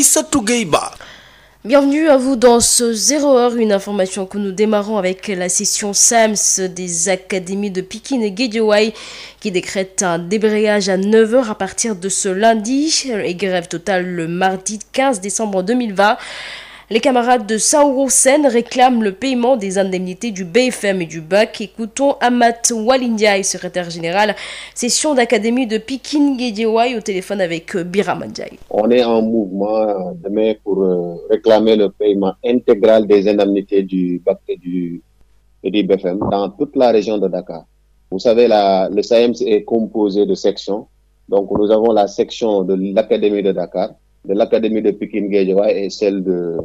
Aïssatou Gueye Ba. Bienvenue à vous dans ce 0 heure, une information que nous démarrons avec la session SAMS des académies de Pikine et Guédiawaye qui décrète un débrayage à 9h à partir de ce lundi et grève totale le mardi décembre Les camarades de Sauro Sen réclament le paiement des indemnités du BFM et du BAC. Écoutons Amat Walindiaï, secrétaire général, session d'académie de Pikin Gediwai au téléphone avec euh, Biramandiaï. On est en mouvement euh, demain pour euh, réclamer le paiement intégral des indemnités du BFM dans toute la région de Dakar. Vous la, le SAEMS e est composé de Donc, la section de l'Académie de Dakar, et celle de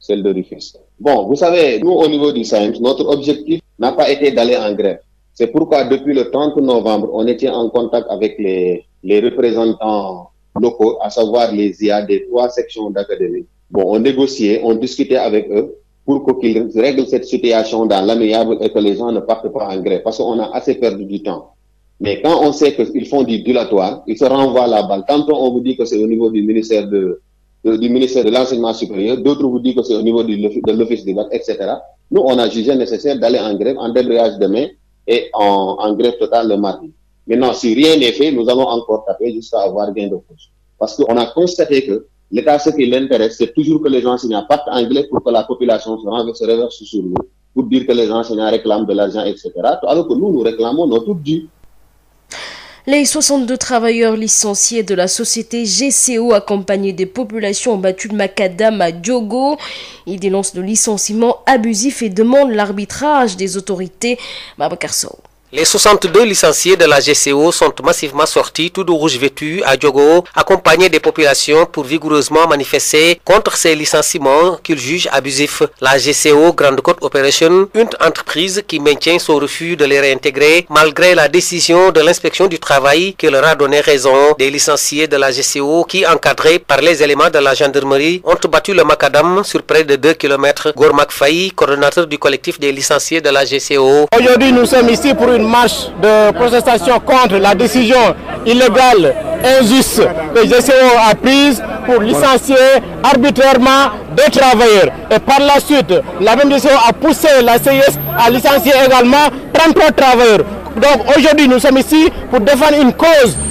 celle de Rufisque. Bon, vous savez, nous, au niveau du SAEMS, notre objectif n'a pas été d'aller en grève. C'est pourquoi, depuis le novembre, on était en contact avec les, les représentants locaux, à savoir les IA des trois sections d'académie. Bon, on négociait, on discutait avec eux pour qu'ils règlent cette situation dans l'amiable et que les gens ne partent pas en grève, parce qu'on a assez perdu du temps. Mais quand on sait que c'est au niveau du ministère de, de, euh, du ministère de l'enseignement supérieur, d'autres vous disent que c'est au niveau de l'office du bac, etc. Nous, on a jugé nécessaire d'aller en grève, en débrayage demain et en, en grève totale le mardi. Maintenant, si rien n'est fait, nous allons encore taper jusqu'à avoir gain de Parce qu'on a constaté que l'État, ce qui l'intéresse, c'est toujours que les enseignants partent en grève pour que la population se renverse, sur nous, pour dire que les enseignants Les 62 travailleurs licenciés de la société GCO accompagnés des populations battues de Macadam à Diogo, ils dénoncent le licenciement abusif et demandent l'arbitrage des autorités. Babacar Les 62 licenciés de la GCO sont massivement sortis tout de rouge vêtus à Diogo, accompagnés des populations pour vigoureusement manifester contre ces licenciements qu'ils jugent abusifs. La GCO Grande Côte Operation, une entreprise qui maintient son refus de les réintégrer malgré la décision de l'inspection du travail qui leur a donné raison. Des licenciés de la GCO qui, encadrés par les éléments de la gendarmerie, ont battu le macadam sur près de 2 km. Gourmak Faye, coordonnateur du collectif des licenciés de la GCO. une marche de protestation contre la décision illégale, injuste de GCO a prise pour licencier arbitrairement des travailleurs. Et par la suite, la même décision a poussé la CIS à licencier également 33 travailleurs. Donc aujourd'hui, nous sommes ici pour défendre une cause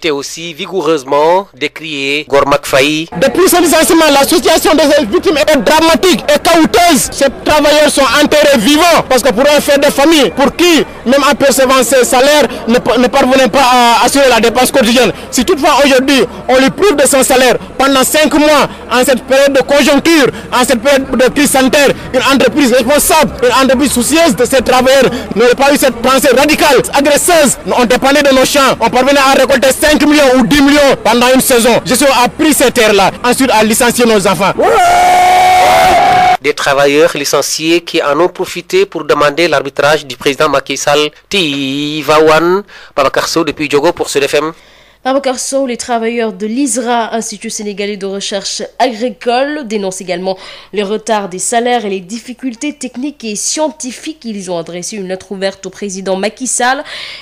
été aussi vigoureusement décrié Gormak Faye. Depuis ce licenciement, la situation des victimes est dramatique et chaotique. Ces travailleurs sont enterrés vivants parce que pour un fait de famille, pour qui, même en percevant ses salaires, ne, ne parvenait pas à assurer la dépense quotidienne. Si toutefois aujourd'hui, on lui prive de son salaire pendant 5 mois, en cette période de conjoncture, en cette période de crise sanitaire, une entreprise responsable, une entreprise soucieuse de ses travailleurs n'aurait pas eu cette pensée radicale, agresseuse. On dépendait de nos champs, on parvenait à récolter 5 5 millions ou 10 millions pendant une saison. Je suis à pris ces terres-là, ensuite à licencier nos enfants. Des travailleurs licenciés qui en ont profité pour demander l'arbitrage du président Macky Sall. Tivawan, Babacarso depuis Diogo pour ce DFM. Babacar Sow, les travailleurs de l'ISRA, Institut sénégalais de recherche agricole, dénoncent également les retards des salaires et les difficultés techniques et scientifiques. Ils ont adressé une lettre ouverte au président Macky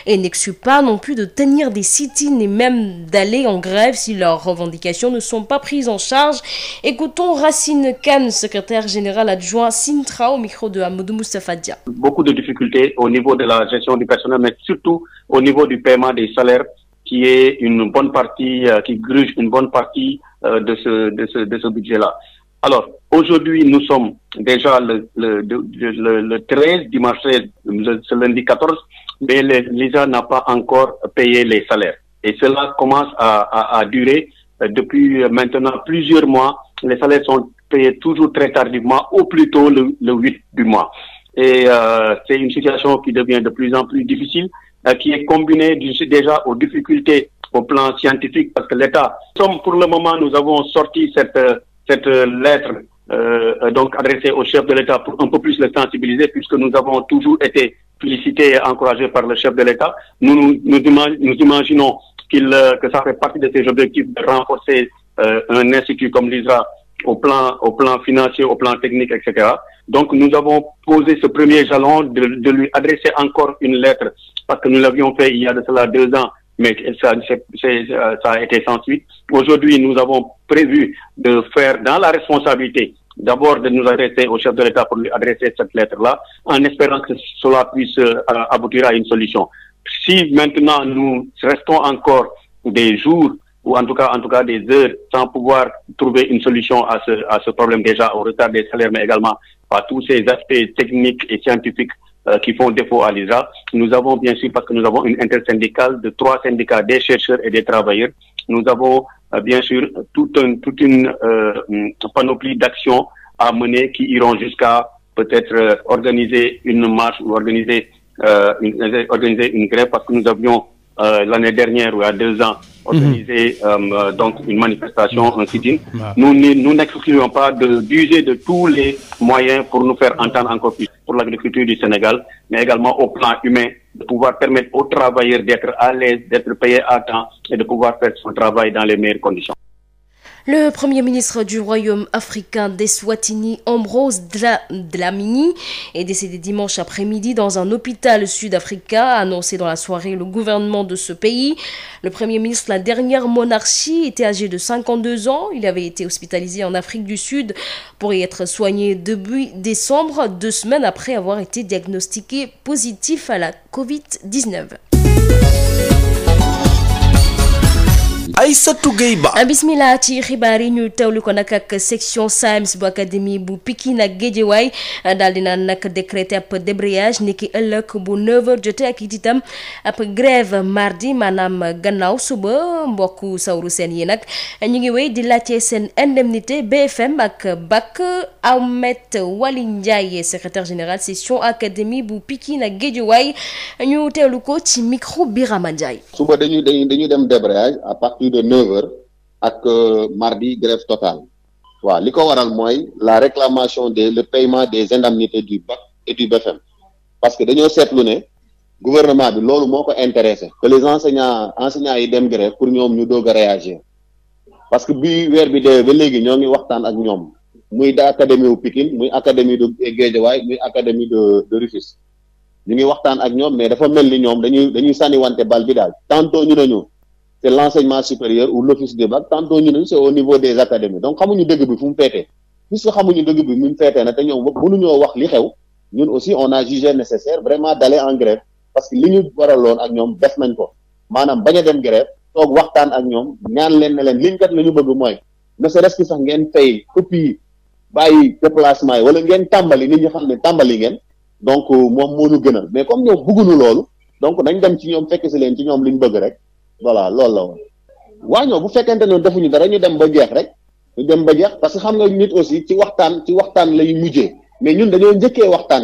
et n'excluent pas non plus de tenir des sit-ins même d'aller en grève si leurs revendications ne sont pas prises en charge. Écoutons Racine Kane, secrétaire général adjoint Sintra au micro de Hamadou Moustapha Dia. Beaucoup de qui est une bonne partie, euh, qui gruge une bonne partie euh, de ce, de ce, de ce budget-là. Alors, aujourd'hui, nous sommes déjà le, le, le, le 13, dimanche 13, ce lundi 14, mais l'ISA n'a pas encore payé les salaires. Et cela commence à, à, à, durer euh, depuis maintenant plusieurs mois. Les salaires sont payés toujours très tardivement, au plus le, 8 du mois. Et euh, c'est une situation qui devient de plus en plus difficile. Euh, qui est combiné déjà aux difficultés au plan scientifique parce que l'État, pour le moment, nous avons sorti cette, euh, euh, lettre donc adressée au chef de l'État pour un peu plus le sensibiliser puisque nous avons toujours été félicités et encouragés par le chef de l'État. Nous, nous, nous, imaginons qu'il que ça fait partie de ses objectifs de renforcer euh, un institut comme l'ISRA au plan, au plan financier, au plan technique, etc. Donc nous avons posé ce premier jalon de, de lui adresser encore une lettre, parce que nous l'avions fait il y a de cela deux ans, mais ça, c est, c est, euh, ça a été sans suite. Aujourd'hui, nous avons prévu de faire dans la responsabilité d'abord de nous adresser au chef de l'État pour lui adresser cette lettre-là, en espérant que cela puisse euh, aboutir à une solution. Si maintenant nous restons encore des jours ou en tout cas en tout cas des heures sans pouvoir trouver une solution à ce à par tous ces aspects techniques et scientifiques euh, qui font défaut à l'ISRA. Nous avons bien sûr, parce que nous avons une intersyndicale de trois syndicats, des chercheurs et des travailleurs, nous avons euh, bien sûr toute, un, toute une euh, panoplie d'actions à mener qui iront jusqu'à peut-être euh, organiser une marche ou organiser, euh, une, organiser une grève parce que nous avions euh, l'année dernière ou y a deux ans mhm. euh, euh, donc une manifestation, mhm. un sit Nous, n'excluons pas d'user de, de, tous les moyens pour nous faire entendre encore plus pour l'agriculture du Sénégal, mais également au plan humain, de pouvoir permettre aux travailleurs d'être à l'aise, d'être payés à temps et de pouvoir faire son travail dans les meilleures conditions. Le Premier ministre du Royaume africain des Swatini, Ambrose Dlamini, est décédé dimanche après-midi dans un hôpital sud de ce pays. Le Premier ministre de la dernière monarchie était âgé de 52 ans. Il avait été hospitalisé en Afrique du Sud pour y être soigné depuis décembre, deux semaines après avoir été diagnostiqué positif à la COVID-19. ay Aïssatou Gueye Ba ah, bismillah ci xibaar yi ñuy teewlu ko nag ak section SAEMS bu académie bu Pikine ak Guédiawaye ah, daal di naan nag décrété ab débrayage ni ëllëg bu 9h jotee ak it itam ab grève mardi maanaam gannaaw suba mbokku sawru seen yi nag ñu ngi wéy di laajte seen indemnité BFM ak BAC Ahmed Waly Ndiaye secrétaire général section académie bu Pikine ak Guédiawaye ñu teewlu ko ci micro Birama Ndiaye. suba dañuy dañuy dem débrayage à partir de 9 heures ak euh, mardi grève waaw li ko waral mooy la réclamation des le paiement des indemnités du BAC et du BFM parce que dañoo seetlu ne gouvernement bi loolu moo ko intéressé que les enseignants enseignants yi dem grève pour ñoom ñu doog a parce que bi weer bi deewee ba léegi ñoo ngi waxtaan ak ñoom muy da académie wu Pikine muy académie de Guédiawaye muy académie de de Rufisque ñu ngi waxtaan ak ñoom mais dafa mel ni ñoom dañuy dañuy sànniwante bal bi daal tantôt ñu nañu c'est l'enseignement supérieur ou l'office du bac tantôt ñu ne c'est au niveau des académies donc xamuñu dëgg bi fu mu féetee puisque xamuñu dëgg bi mu féetee na te ñoom mënuñoo wax li xew ñun aussi on a jugé nécessaire vraiment d'aller en grève parce que li ñu waraloon ak ñoom def nañ ko maanaam bañ a dem grève toog waxtaan ak ñoom ñaan leen ne leen liñ kat la ñu bëgg mooy ne serait-ce que sax ngeen fay copie bàyyi bàyyi déplacement yi wala ngeen tàmbali nit ñi xam ne tàmbali ngeen donc euh, moom moo ñu gënal mais comme ñoom bëgguñu loolu donc nañ dem ci ñoom fekk si leen ci ñoom liñ bëgg rek voilà loolu la woon waa ñoo bu fekkente ne defuñu dara ñu dem ba jeex rek ñu dem ba jeex parce que xam nga nit aussi ci waxtaan ci waxtaan lay mujjee mais ñun dañoo njëkkee waxtaan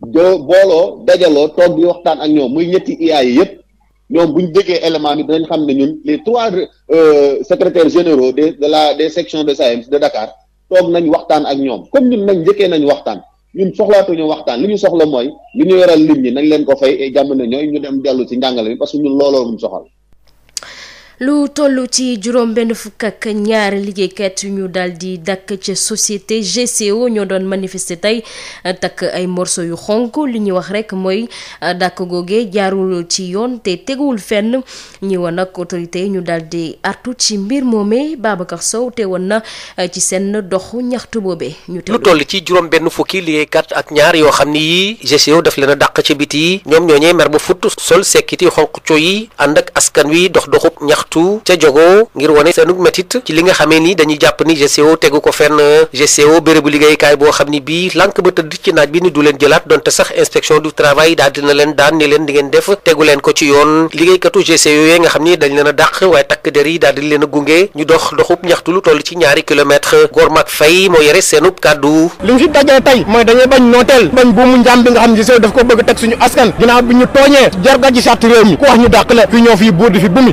bi de booloo dajaloo toog bi waxtaan ak ñoom muy ñetti IA yëpp ñoom bu ñu déggee élément bi dinañ xam ne ñun les trois euh, secrétaires généraux de la des sections de SAEMS de Dakar toog nañ waxtaan ak ñoom comme ñun nañ njëkkee nañ waxtaan ñun soxlaatuñu waxtaan li ñu soxla mooy li ñu yoral nit ñi nañ leen ko fay jàmm ne ñooy ñu dem dellu ci njàngale bi parce que ñun looloo mu soxal. lu toll ci juróom benn fukk ak ñaar liggéeykat yu ñu daal di dakk ca société GCO ñoo doon manifester tey eh, takk ay morceau yu xonk li ñuy wax rek mooy eh, dàkk googe jaarul ci yoon te teguwul fenn ñi woon ak yi ñu daal di artu ci mbir moomee Babacar Sow te woon na eh, ci seen doxu ñaxtu boobee. ñu lu toll ci juróom benn fukki liggéeykat ak ñaar yoo xam ni yii GCO daf leen a dàq ci biti ñoom ñoo ñee mer ba futt sol sekkiti xonk cooy yi ànd ak askan wi dox doxub ñax ñaxtu ca jogo ngir wane seenug métit ci li nga xamee ni dañuy jàpp ni GCO tegu ko fenn GCO bérébu liggéeykaay boo xam ni bii lànk ba tëdd ci naaj bi ni du leen jëlaat donte sax inspection du travail daal dina leen daan ni leen di ngeen def tegu leen ko ci yoon liggéeykatu GCO yooyu nga xam ni dañ leen a dàq waaye takk der yi daal di leen gunge ñu dox doxub ñaxtu lu toll ci ñaari kilomètre Gor Mak Faye moo yore seenub kàddu li ñu fi dajee tey mooy dañuy bañ nooteel bañ buumu njaam bi ñu tooñee jarga ji sàtt réew mi ku wax ñu dàq la fi ñoo fii buur di fi bumi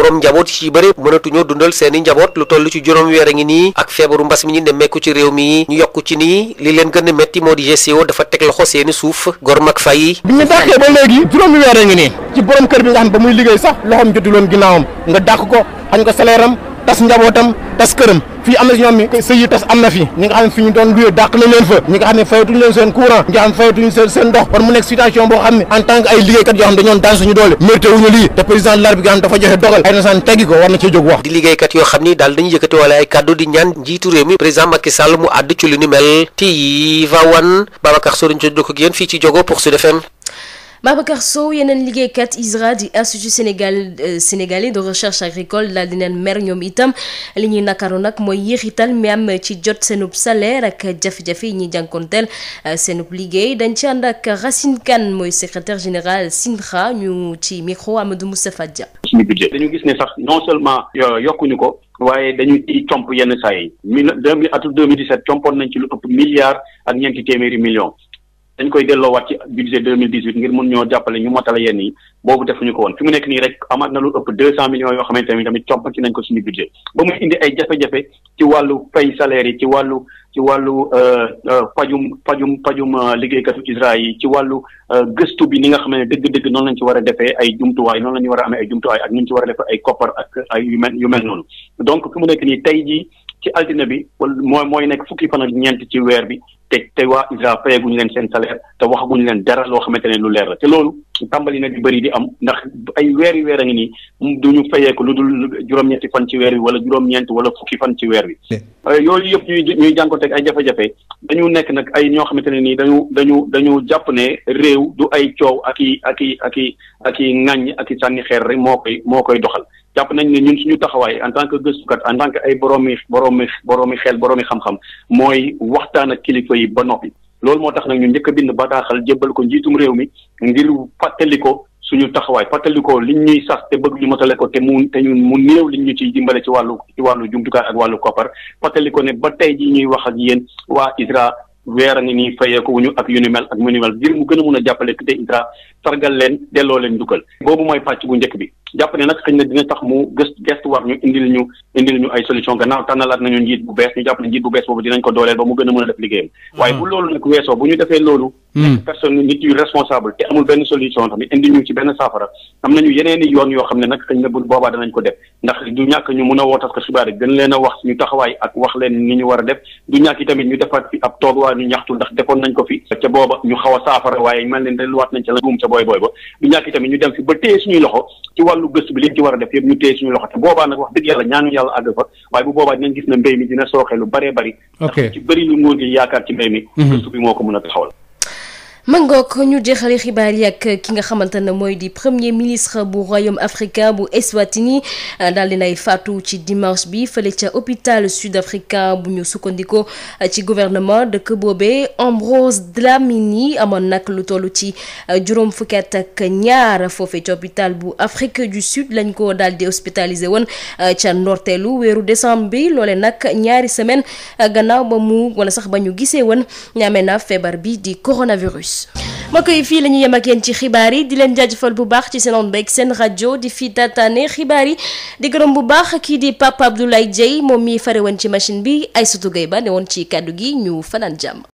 borom njaboot yi ci bëri mënatuñoo dundal seeni njaboot lu toll ci juróom weer a ngi nii ak feebaru mbas mi ñu nemmeeku ci réew mi ñu yokk ci nii li leen gën a métti moo di GCO dafa teg loxo seeni suuf gor fay bi ñu dàqee ba léegi juróomi weer a ngi nii ci borom kër bi nga xam ba muy liggéey sax loxoom jotuloon ginnaawam nga dàq ko xañ ko salaire tas njabootam tas këram fii am na si ñoom mi sëy tas am na fi ñi nga xam ne fi ñu leen seen courant nga xam ne fayatuñ seen ndox kon mu nekk situation boo xam ne en ay liggéeykat yoo xam dañoon dafa joxe dogal ay nasaan teggi ko war na cee jóg wax di liggéeykat yoo xam ni daal dañu yëkkati wala ay kàddu di ñaan njiitu réew mi président Macky Sall mu àdd ci lu ni mel tii vawan Babacar Sorin ci dokk ak fii ci Jogo pour Sud FM Babacar Sow yeneen kat ISRA di institut Sénégal euh, sénégalais de recherche agricole daal dineen mer ñoom itam li ñuy nakaru nag mooy yéexital mi am ci jot seenub salaire ak jafe-jafe yi ñuy jànkonteel euh, seenub liggéey dañ ci ànd ak Racine Kane mooy secretaire général SINDRA ñu ci micro Amadou Moustapha Dia suñu budget dañu gis ne sax non seulement euh, yokkuñu ko waaye dañu ci comp yenn saa yi mille deux nañ ci lu ëpp milliards ak ñeenti téeméeri millions dañ koy delloowaat ci budget deux mille dix huit ngir mun ñoo jàppale ñu motale yenn yi boobu defuñu ko woon fi mu nekk nii rek amaat na lu ëpp deux cent millions yoo xamante tamit comp ci nañ ko ci wàllu fay salaire yi ci wàllu ci wàllu fajum fajum fajum yi ci wàllu euh, gëstu bi ni nga xam ne dëgg-dëgg noonu lañ ci war a defee ay jumtuwaay noonu la ñu war amee jumtuwaay ak ñu ci war a ay koppar ak ay mel noonu donc fi mu nekk nii tey ji ci altine bi wala mooy mooy nekk fukki fan ak ñeent ci weer bi te te waa ISRA fayeeguñu leen seen salaire te waxaguñu leen dara loo xamante ne lu leer la te loolu tàmbali na di bëri di am ndax ay weer yu weer a ngi nii du ñu fayeeku lu dul juróom-ñetti fan ci weer wi wala juróom-ñeent wala fukki fan ci weer wi. Euh, yooyu yëpp ñuy ñuy jànkoonteeg ay jafe-jafe dañu nekk nag ay ñoo xamante ne nii dañu dañu dañu jàpp ne réew du ay coow ak i ak i ak i ak i ŋàññ ak i sànni xeer rek moo koy moo koy doxal. jàpp nañ ne ñun suñu taxawaay en tant que gëstukat en tant que ay boroomi boroomi boroomi xel boroomi xam-xam mooy waxtaan ak kilifa yi ba noppi loolu moo tax nag ñu njëkk a bind bataaxal jëmbal ko njiitum réew mi ngir fàttali ko suñu taxawaay fàttali li liñ ñuy sax te bëgg ñu matale ko te mu te ñun mu néew liñ ñu ciy dimbale ci wàllu ci wàllu jumtukaay ak wàllu koppar fàttali ko ne ba tey ji ñuy wax ak yéen waa ISRA weer ni ngi nii ak yu ni mel ak mu ni mel ngir mu gën a mun a jàppale te ISRA leen delloo leen boobu mooy pàcc bu njëkk bi jàpp ne nag xëy na dina tax mu gëst gestu war ñu indil ñu indil ñu ay solution gannaaw tànnalaat nañu njiit bu bees ñu jàpp ne njiit bu bees boobu dinañ ko dooleel ba mu gën a mën a def liggéeyam mm-hmm. waaye bu loolu nag weesoo bu ñu defee loolu mm-hmm. nekk personne nit yu responsable te amul benn solution tamit indi ñu ci benn saafara am nañu yeneen yoon yoo xam ne nag xëy na boobaa danañ ko def ndax du ñàkk ñu mun a woo tas ko xibaar yi gën leen a wax suñu taxawaay ak ñu wàllu gëstu bi liñ ci war a def yëpp ñu téye suñu loxo te boobaa nag wax dëgg yàlla ñaanu yàlla àgg fa waaye bu boobaa dinañ gis ne mbéy mi dina sooxe lu bëree bëri. ok ci bëri lu nguur gi yaakaar ci mbéy mi. Mhm. gëstu bi moo ko mën a taxawal. mangook ñu jeexale xibaar yi ki nga xamante ne mooy di premier ministre bu royaume africain bu Eswatini daal di nay faatu ci dimanche bi fële ca hôpital sud africain bu ñu sukkandikoo ci gouvernement dëkk boobee Ambrose Dlamini amoon nag lu toll ci euh, juróom fukki ak ñaar foofe ci hôpital bu Afrique du Sud lañ ko daal di hospitalisé woon euh, ca ndorteelu weeru décembre bi loole nag ñaari semaine euh, gannaaw ba mu wala sax ba ñu gisee woon ñaamee naa feebar bi di coronavirus. plus. mbokk yi fii la ñu yem ak yéen ci xibaar yi di leen jaajëfal bu baax ci seen onde beeg seen rajo di fii tataane xibaar yi di gërëm bu baax kii di Papa Abdoulaye Dieye moom mii fare woon ci machine bi Aïssatou Gueye ba ne woon ci kàddu gi ñu fanaan jàmm.